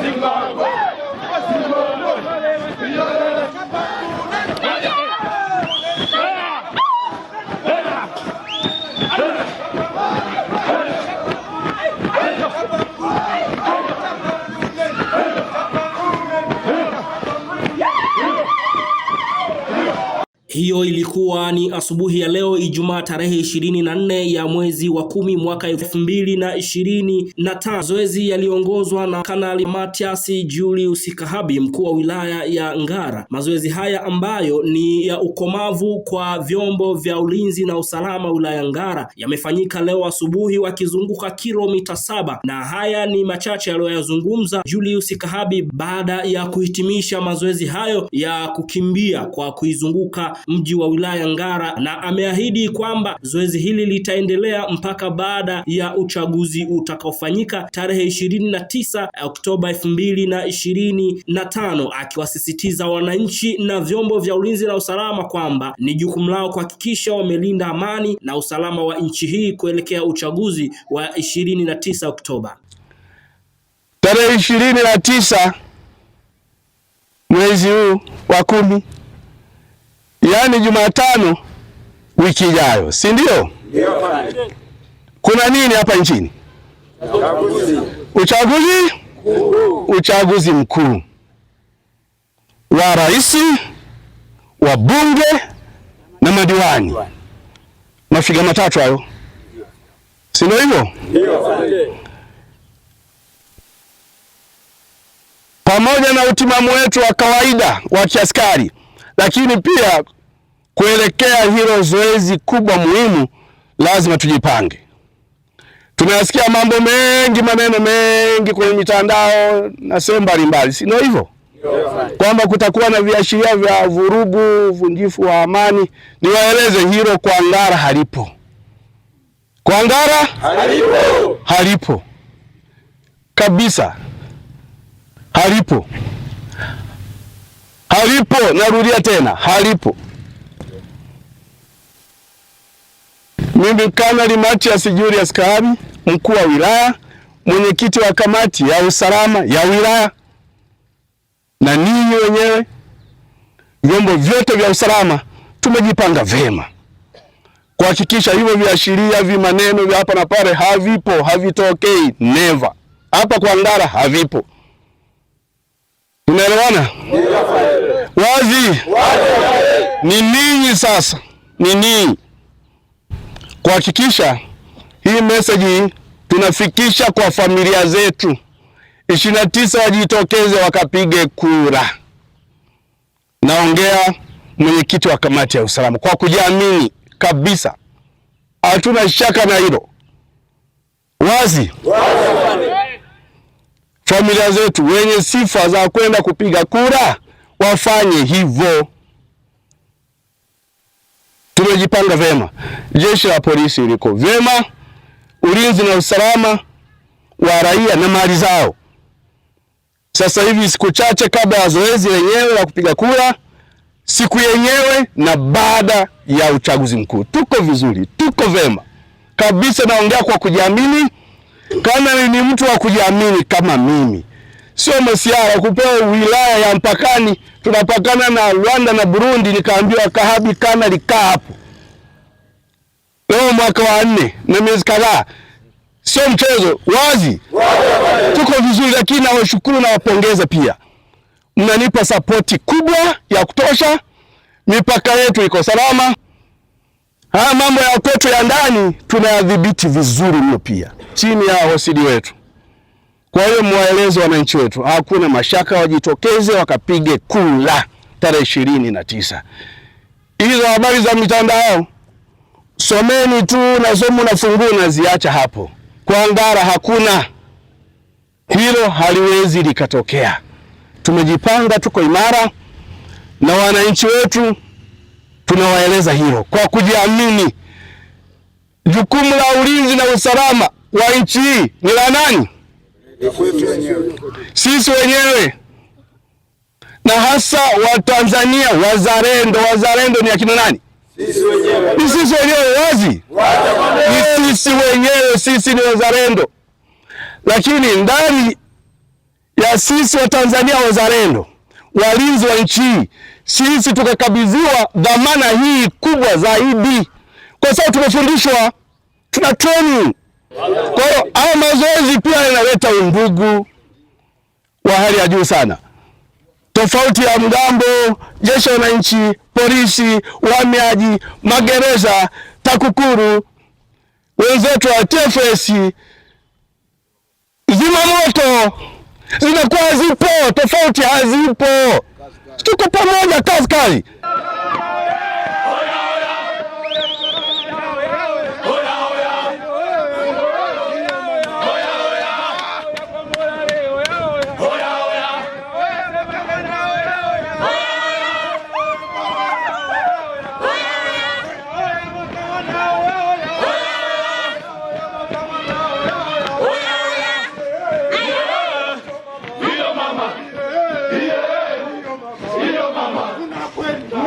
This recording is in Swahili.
Zimbabwe. Hiyo ilikuwa ni asubuhi ya leo Ijumaa tarehe ishirini na nne ya mwezi wa kumi mwaka elfu mbili na ishirini na tano. Mazoezi yaliongozwa na Kanali Matias Julius Kahabi, mkuu wa wilaya ya Ngara. Mazoezi haya ambayo ni ya ukomavu kwa vyombo vya ulinzi na usalama wilaya Ngara yamefanyika leo asubuhi wakizunguka kilomita saba, na haya ni machache aliyoyazungumza Julius Kahabi baada ya kuhitimisha mazoezi hayo ya kukimbia kwa kuizunguka mji wa wilaya Ngara, na ameahidi kwamba zoezi hili litaendelea mpaka baada ya uchaguzi utakaofanyika tarehe 29 Oktoba 2025, na ishirini akiwasisitiza wananchi na vyombo vya ulinzi na usalama kwamba ni jukumu lao kuhakikisha wamelinda amani na usalama wa nchi hii kuelekea uchaguzi wa 29 Oktoba. Tarehe ishirini na tisa mwezi huu wa kumi yaani Jumatano wiki ijayo, si ndio? Kuna nini hapa nchini? Uchaguzi, uchaguzi, uchaguzi mkuu wa rais, wa bunge na madiwani, mafiga matatu hayo, si ndio? Hivyo pamoja na utimamu wetu wa kawaida wa kiaskari, lakini pia Kuelekea hilo zoezi kubwa muhimu, lazima tujipange. Tunayasikia mambo mengi, maneno mengi kwenye mitandao na sehemu mbalimbali, si ndio hivyo? Kwamba kutakuwa na viashiria vya vurugu, uvunjifu wa amani. Niwaeleze hilo kwa Ngara halipo, kwa Ngara halipo, halipo kabisa, halipo, halipo. Narudia tena, halipo. Mimi Kanali Matias Julius Kahabi, mkuu wa wilaya, mwenyekiti wa kamati ya usalama ya wilaya, na ninyi wenyewe vyombo vyote vya usalama, tumejipanga vema kuhakikisha hivyo viashiria vi maneno vya hapa na pale havipo, havitokei never. Hapa kwa Ngara havipo, tunaelewana wazi? Ni ninyi sasa, ni ninyi kuhakikisha hii message tunafikisha kwa familia zetu. ishirini na tisa wajitokeze wakapige kura. Naongea mwenyekiti wa kamati ya usalama kwa kujiamini kabisa, hatuna shaka na hilo wazi, wazi. Familia zetu wenye sifa za kwenda kupiga kura wafanye hivyo tumejipanga vyema, jeshi la polisi liko vyema, ulinzi na usalama wa raia na mali zao. Sasa hivi siku chache kabla ya zoezi lenyewe la kupiga kura, siku yenyewe na baada ya uchaguzi mkuu, tuko vizuri, tuko vyema kabisa. Naongea kwa kujiamini, kama ni mtu wa kujiamini kama mimi sio masiara kupewa wilaya ya mpakani, tunapakana na Rwanda na Burundi. Nikaambiwa kahabi kana likaa hapo leo mwaka wa nne na miezi kadhaa, sio mchezo. Wazi tuko vizuri, lakini nawashukuru na wapongeza pia, mnanipa sapoti kubwa ya kutosha. Mipaka yetu iko salama. Haya mambo ya kwetu ya ndani tunayadhibiti vizuri mno, pia chini ya hosidi wetu. Kwa hiyo mwaeleze wananchi wetu, hakuna mashaka, wajitokeze wakapige kula tarehe ishirini na tisa. Hizo habari za mitandao someni tu na somo na naziacha hapo kwa Ngara, hakuna hilo, haliwezi likatokea. Tumejipanga, tuko imara na wananchi wetu tunawaeleza hilo kwa kujiamini. Jukumu la ulinzi na usalama wa nchi hii ni la nani? sisi wenyewe na hasa Watanzania wazalendo. Wazalendo ni akina nani? Sisi wenyewe. Ni sisi wenyewe, wazi ni sisi wenyewe. Sisi ni wazalendo, lakini ndani ya sisi Watanzania wazalendo, walinzi wa nchi hii, sisi tukakabidhiwa dhamana hii kubwa zaidi, kwa sababu tumefundishwa, tuna training kwa hiyo haya mazoezi pia yanaleta undugu wa hali ya juu sana, tofauti ya mgambo, jeshi la wananchi, polisi, uhamiaji, magereza, TAKUKURU, wenzetu wa TFS, zimamoto zinakuwa zipo, tofauti hazipo, tuko pamoja kazi kazi